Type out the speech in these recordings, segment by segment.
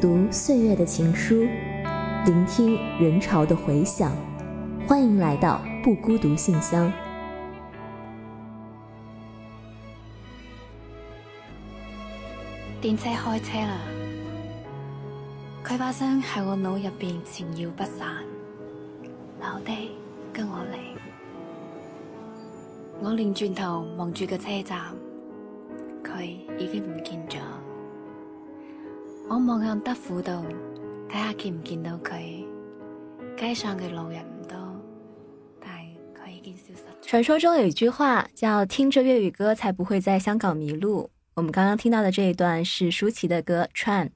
讀歲月的情書，聆聽人潮的迴響。歡迎來到不孤獨信箱。電車開車啦！佢把聲喺我腦入邊纏繞不散。留低，跟我嚟。我擰轉頭望住個車站，佢已經唔見咗。我望向德輔道，睇下，見唔見到佢。街上嘅路人唔多，但係佢已經消失。傳說中有一句話叫：聽着粵語歌，才不會在香港迷路。我們剛剛聽到的這一段是舒淇的歌《串》，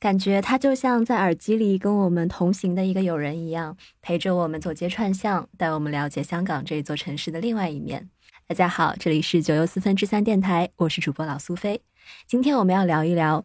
感覺它就像在耳機裏跟我們同行的一個友人一樣，陪着我們走街串巷，帶我們了解香港這座城市的另外一面。大家好，這裏是九又四分之三電台，我是主播老蘇菲。今天我們要聊一聊。